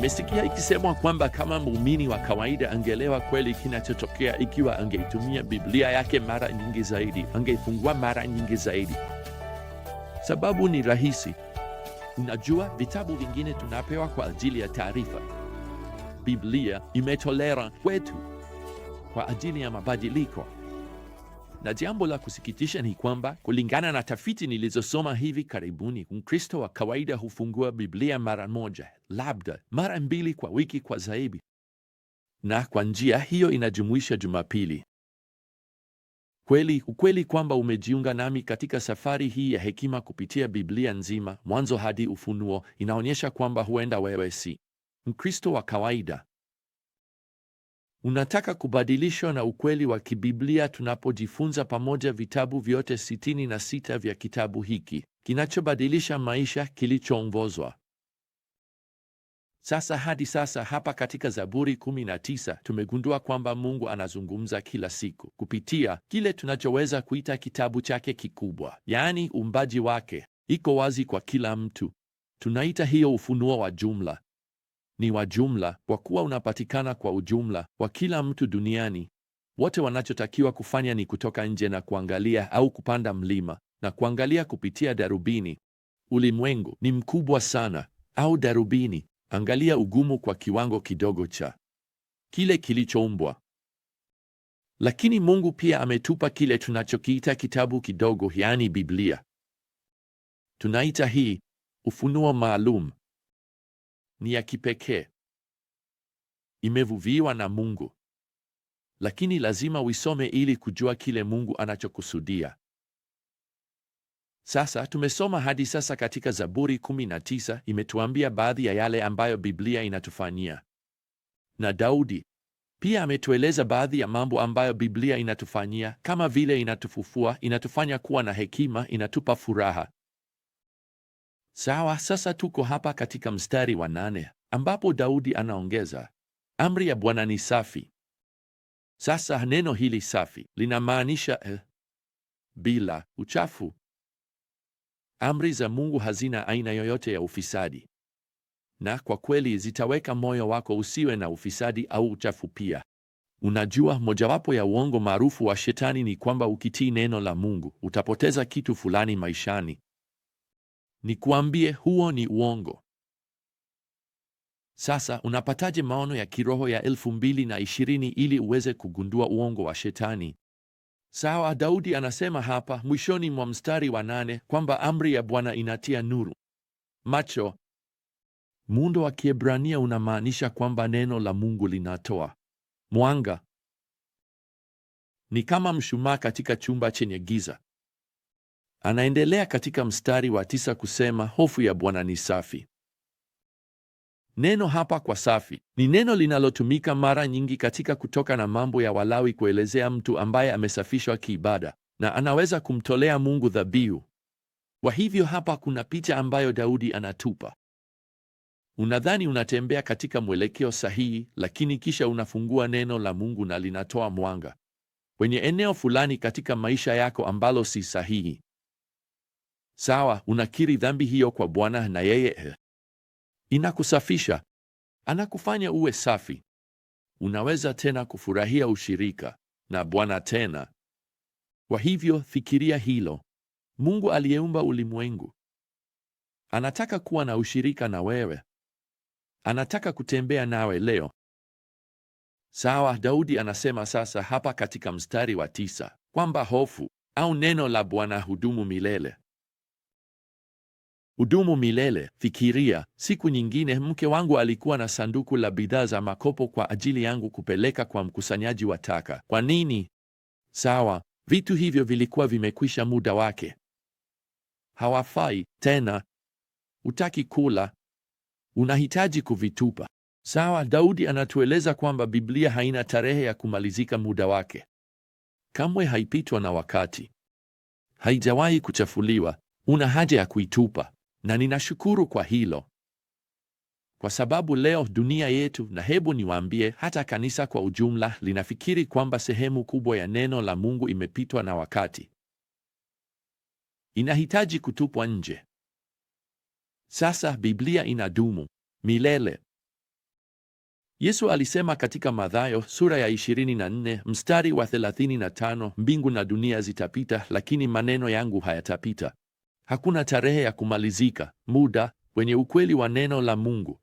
Umesikia ikisemwa kwamba kama muumini wa kawaida angeelewa kweli kinachotokea, ikiwa angeitumia Biblia yake mara nyingi zaidi, angeifungua mara nyingi zaidi. Sababu ni rahisi. Unajua, vitabu vingine tunapewa kwa ajili ya taarifa. Biblia imetolera kwetu kwa ajili ya mabadiliko. Na jambo la kusikitisha ni kwamba kulingana na tafiti nilizosoma hivi karibuni, Mkristo wa kawaida hufungua Biblia mara moja, labda mara mbili kwa wiki kwa zaidi, na kwa njia hiyo inajumuisha Jumapili. Kweli ukweli kwamba umejiunga nami katika safari hii ya hekima kupitia Biblia nzima, mwanzo hadi Ufunuo, inaonyesha kwamba huenda wewe si Mkristo wa kawaida unataka kubadilishwa na ukweli wa kibiblia tunapojifunza pamoja vitabu vyote 66 vya kitabu hiki kinachobadilisha maisha kilichoongozwa sasa hadi sasa hapa katika Zaburi 19 tumegundua kwamba Mungu anazungumza kila siku kupitia kile tunachoweza kuita kitabu chake kikubwa, yaani uumbaji wake iko wazi kwa kila mtu. Tunaita hiyo ufunuo wa jumla ni wa jumla, kwa kuwa unapatikana kwa ujumla wa kila mtu duniani. Wote wanachotakiwa kufanya ni kutoka nje na kuangalia, au kupanda mlima na kuangalia kupitia darubini. Ulimwengu ni mkubwa sana, au darubini, angalia ugumu kwa kiwango kidogo cha kile kilichoumbwa. Lakini Mungu pia ametupa kile tunachokiita kitabu kidogo, yaani Biblia. Tunaita hii ufunuo maalum ni ya kipekee, imevuviwa na Mungu, lakini lazima uisome ili kujua kile Mungu anachokusudia. Sasa tumesoma hadi sasa katika Zaburi 19 imetuambia baadhi ya yale ambayo Biblia inatufanyia, na Daudi pia ametueleza baadhi ya mambo ambayo Biblia inatufanyia, kama vile inatufufua, inatufanya kuwa na hekima, inatupa furaha, Sawa, sasa tuko hapa katika mstari wa nane ambapo Daudi anaongeza amri ya Bwana ni safi. Sasa neno hili safi linamaanisha eh, bila uchafu. Amri za Mungu hazina aina yoyote ya ufisadi, na kwa kweli zitaweka moyo wako usiwe na ufisadi au uchafu pia. Unajua, mojawapo ya uongo maarufu wa shetani ni kwamba ukitii neno la Mungu utapoteza kitu fulani maishani. Nikuambie huo ni uongo. Sasa unapataje maono ya kiroho ya elfu mbili na ishirini ili uweze kugundua uongo wa Shetani? Sawa, Daudi anasema hapa mwishoni mwa mstari wa nane kwamba amri ya Bwana inatia nuru macho. Muundo wa Kiebrania unamaanisha kwamba neno la Mungu linatoa mwanga, ni kama mshumaa katika chumba chenye giza. Anaendelea katika mstari wa tisa kusema, hofu ya Bwana ni safi. Neno hapa kwa safi ni neno linalotumika mara nyingi katika Kutoka na Mambo ya Walawi kuelezea mtu ambaye amesafishwa kiibada na anaweza kumtolea Mungu dhabihu. Kwa hivyo hapa kuna picha ambayo Daudi anatupa. Unadhani unatembea katika mwelekeo sahihi, lakini kisha unafungua neno la Mungu na linatoa mwanga kwenye eneo fulani katika maisha yako ambalo si sahihi. Sawa, unakiri dhambi hiyo kwa Bwana na yeye eh. inakusafisha, anakufanya uwe safi. Unaweza tena kufurahia ushirika na Bwana tena. Kwa hivyo fikiria hilo. Mungu aliyeumba ulimwengu anataka kuwa na ushirika na wewe, anataka kutembea nawe leo. Sawa, Daudi anasema sasa hapa katika mstari wa tisa kwamba hofu au neno la Bwana hudumu milele hudumu milele. Fikiria, siku nyingine mke wangu alikuwa na sanduku la bidhaa za makopo kwa ajili yangu kupeleka kwa mkusanyaji wa taka. Kwa nini? Sawa, vitu hivyo vilikuwa vimekwisha muda wake, hawafai tena. Utaki kula, unahitaji kuvitupa. Sawa, Daudi anatueleza kwamba Biblia haina tarehe ya kumalizika muda wake. Kamwe haipitwa na wakati, haijawahi kuchafuliwa. Una haja ya kuitupa na ninashukuru kwa hilo, kwa sababu leo dunia yetu, na hebu niwaambie, hata kanisa kwa ujumla, linafikiri kwamba sehemu kubwa ya neno la Mungu imepitwa na wakati, inahitaji kutupwa nje. Sasa Biblia inadumu milele. Yesu alisema katika Mathayo sura ya 24 mstari wa 35, mbingu na dunia zitapita, lakini maneno yangu hayatapita. Hakuna tarehe ya kumalizika muda kwenye ukweli wa neno la Mungu.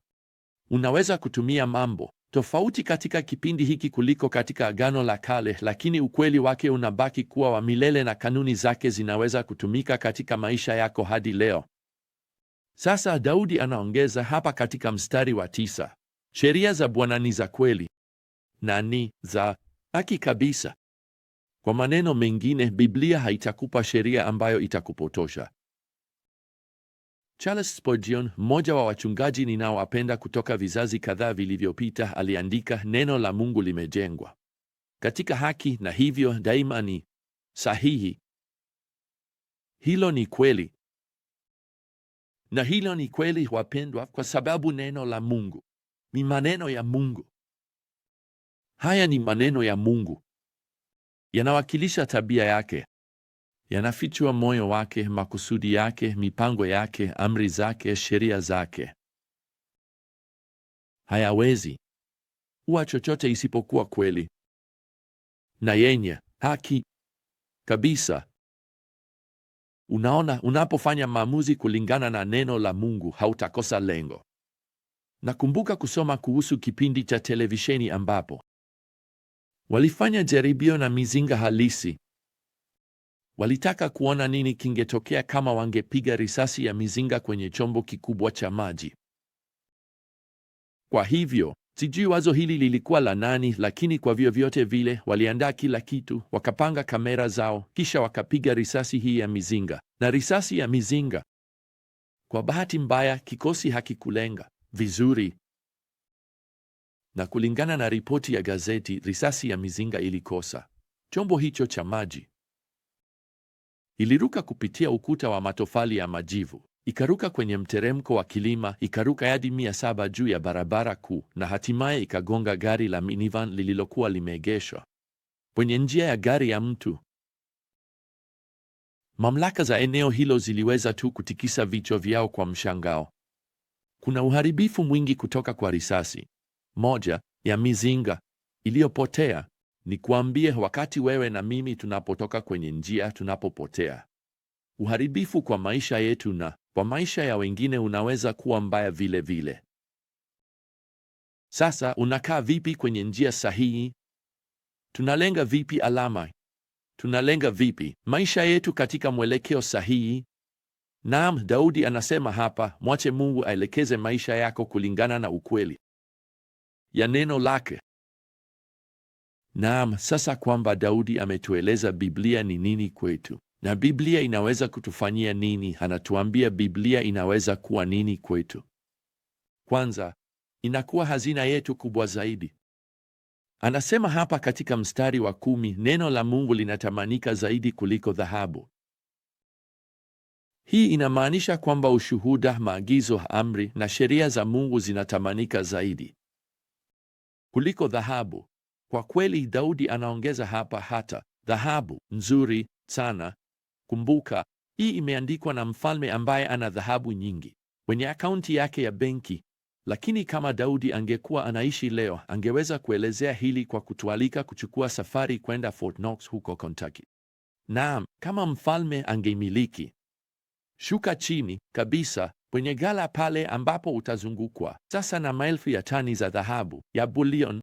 Unaweza kutumia mambo tofauti katika kipindi hiki kuliko katika Agano la Kale, lakini ukweli wake unabaki kuwa wa milele na kanuni zake zinaweza kutumika katika maisha yako hadi leo. Sasa Daudi anaongeza hapa katika mstari wa tisa, sheria za Bwana ni za kweli na ni za haki kabisa. Kwa maneno mengine, Biblia haitakupa sheria ambayo itakupotosha. Charles Spurgeon, mmoja wa wachungaji ninaowapenda kutoka vizazi kadhaa vilivyopita, aliandika, neno la Mungu limejengwa katika haki na hivyo daima ni sahihi. Hilo ni kweli, na hilo ni kweli, wapendwa, kwa sababu neno la Mungu ni maneno ya Mungu. Haya ni maneno ya Mungu, yanawakilisha tabia yake yanafichua moyo wake, makusudi yake, mipango yake, amri zake, sheria zake. Hayawezi uwa chochote isipokuwa kweli na yenye haki kabisa. Unaona, unapofanya maamuzi kulingana na neno la Mungu hautakosa lengo. Nakumbuka kusoma kuhusu kipindi cha televisheni ambapo walifanya jaribio na mizinga halisi Walitaka kuona nini kingetokea kama wangepiga risasi ya mizinga kwenye chombo kikubwa cha maji. Kwa hivyo, sijui wazo hili lilikuwa la nani, lakini kwa vyovyote vile waliandaa kila kitu, wakapanga kamera zao, kisha wakapiga risasi hii ya mizinga na risasi ya mizinga. Kwa bahati mbaya, kikosi hakikulenga vizuri, na kulingana na ripoti ya gazeti, risasi ya mizinga ilikosa chombo hicho cha maji. Iliruka kupitia ukuta wa matofali ya majivu, ikaruka kwenye mteremko wa kilima, ikaruka hadi mia saba juu ya barabara kuu, na hatimaye ikagonga gari la minivan lililokuwa limeegeshwa kwenye njia ya gari ya mtu. Mamlaka za eneo hilo ziliweza tu kutikisa vichwa vyao kwa mshangao. Kuna uharibifu mwingi kutoka kwa risasi moja ya mizinga iliyopotea Nikwambie, wakati wewe na mimi tunapotoka kwenye njia, tunapopotea, uharibifu kwa maisha yetu na kwa maisha ya wengine unaweza kuwa mbaya vile vile. Sasa unakaa vipi kwenye njia sahihi? Tunalenga vipi alama? Tunalenga vipi maisha yetu katika mwelekeo sahihi? Naam, Daudi anasema hapa, mwache Mungu aelekeze maisha yako kulingana na ukweli ya neno lake. Naam, sasa kwamba Daudi ametueleza Biblia ni nini kwetu na Biblia inaweza kutufanyia nini, anatuambia Biblia inaweza kuwa nini kwetu. Kwanza, inakuwa hazina yetu kubwa zaidi. Anasema hapa katika mstari wa kumi, neno la Mungu linatamanika zaidi kuliko dhahabu. Hii inamaanisha kwamba ushuhuda, maagizo, amri na sheria za Mungu zinatamanika zaidi kuliko dhahabu. Kwa kweli Daudi anaongeza hapa hata dhahabu nzuri sana. Kumbuka, hii imeandikwa na mfalme ambaye ana dhahabu nyingi kwenye akaunti yake ya benki. Lakini kama Daudi angekuwa anaishi leo, angeweza kuelezea hili kwa kutualika kuchukua safari kwenda Fort Knox huko Kentucky. Naam, kama mfalme angeimiliki. Shuka chini kabisa kwenye ghala pale ambapo utazungukwa sasa na maelfu ya tani za dhahabu ya bullion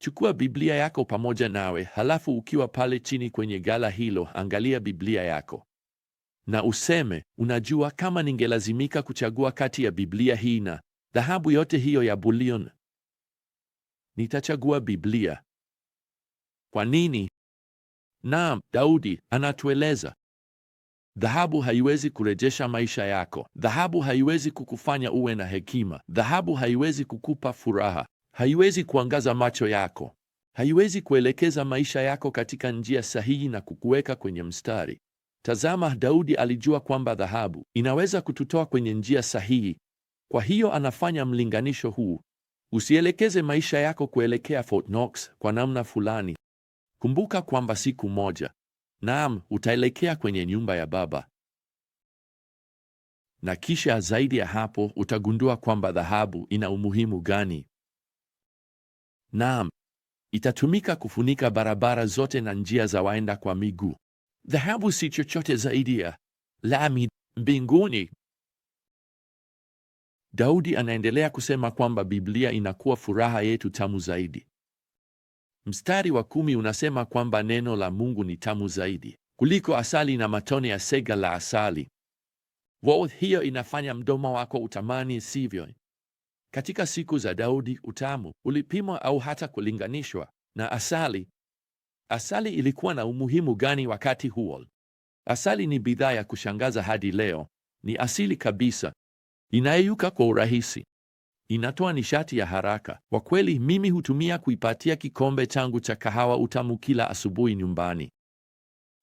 Chukua Biblia yako pamoja nawe, halafu ukiwa pale chini kwenye gala hilo, angalia Biblia yako na useme, unajua, kama ningelazimika kuchagua kati ya Biblia hii na dhahabu yote hiyo ya bullion, nitachagua Biblia. Kwa nini? Naam, Daudi anatueleza dhahabu haiwezi kurejesha maisha yako. Dhahabu haiwezi kukufanya uwe na hekima. Dhahabu haiwezi kukupa furaha haiwezi kuangaza macho yako, haiwezi kuelekeza maisha yako katika njia sahihi na kukuweka kwenye mstari. Tazama, Daudi alijua kwamba dhahabu inaweza kututoa kwenye njia sahihi. Kwa hiyo anafanya mlinganisho huu: usielekeze maisha yako kuelekea Fort Knox kwa namna fulani. Kumbuka kwamba siku moja, naam, utaelekea kwenye nyumba ya Baba, na kisha zaidi ya hapo utagundua kwamba dhahabu ina umuhimu gani. Naam, itatumika kufunika barabara zote na njia za waenda kwa miguu. Dhahabu si chochote zaidi ya lami mbinguni. Daudi anaendelea kusema kwamba Biblia inakuwa furaha yetu tamu zaidi. Mstari wa kumi unasema kwamba neno la Mungu ni tamu zaidi kuliko asali na matone ya sega la asali. Wow, hiyo inafanya mdomo wako utamani, sivyo? Katika siku za Daudi utamu ulipimwa au hata kulinganishwa na asali. Asali ilikuwa na umuhimu gani wakati huo? Asali ni bidhaa ya kushangaza hadi leo. Ni asili kabisa, inayeyuka kwa urahisi, inatoa nishati ya haraka. Kwa kweli, mimi hutumia kuipatia kikombe changu cha kahawa utamu kila asubuhi nyumbani.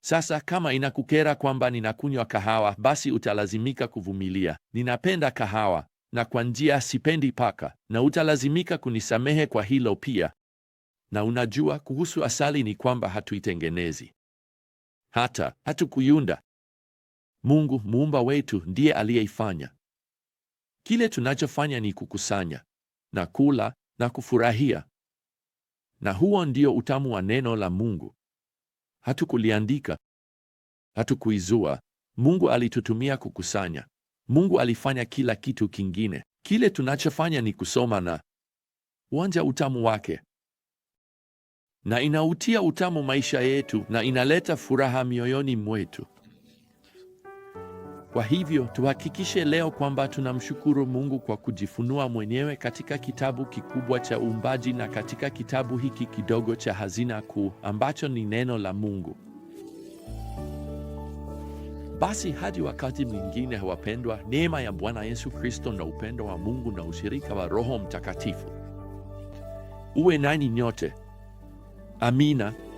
Sasa kama inakukera kwamba ninakunywa kahawa, basi utalazimika kuvumilia. Ninapenda kahawa na kwa njia sipendi paka, na utalazimika kunisamehe kwa hilo pia. Na unajua kuhusu asali ni kwamba hatuitengenezi, hata hatukuyunda. Mungu muumba wetu ndiye aliyeifanya. Kile tunachofanya ni kukusanya na kula na kufurahia, na huo ndio utamu wa neno la Mungu. Hatukuliandika, hatukuizua. Mungu alitutumia kukusanya Mungu alifanya kila kitu kingine. Kile tunachofanya ni kusoma na uanja utamu wake, na inautia utamu maisha yetu na inaleta furaha mioyoni mwetu. Kwa hivyo tuhakikishe leo kwamba tunamshukuru Mungu kwa kujifunua mwenyewe katika kitabu kikubwa cha uumbaji na katika kitabu hiki kidogo cha hazina kuu ambacho ni neno la Mungu. Basi hadi wakati mwingine, wapendwa, neema ya Bwana Yesu Kristo na upendo wa Mungu na ushirika wa Roho Mtakatifu uwe nani nyote. Amina.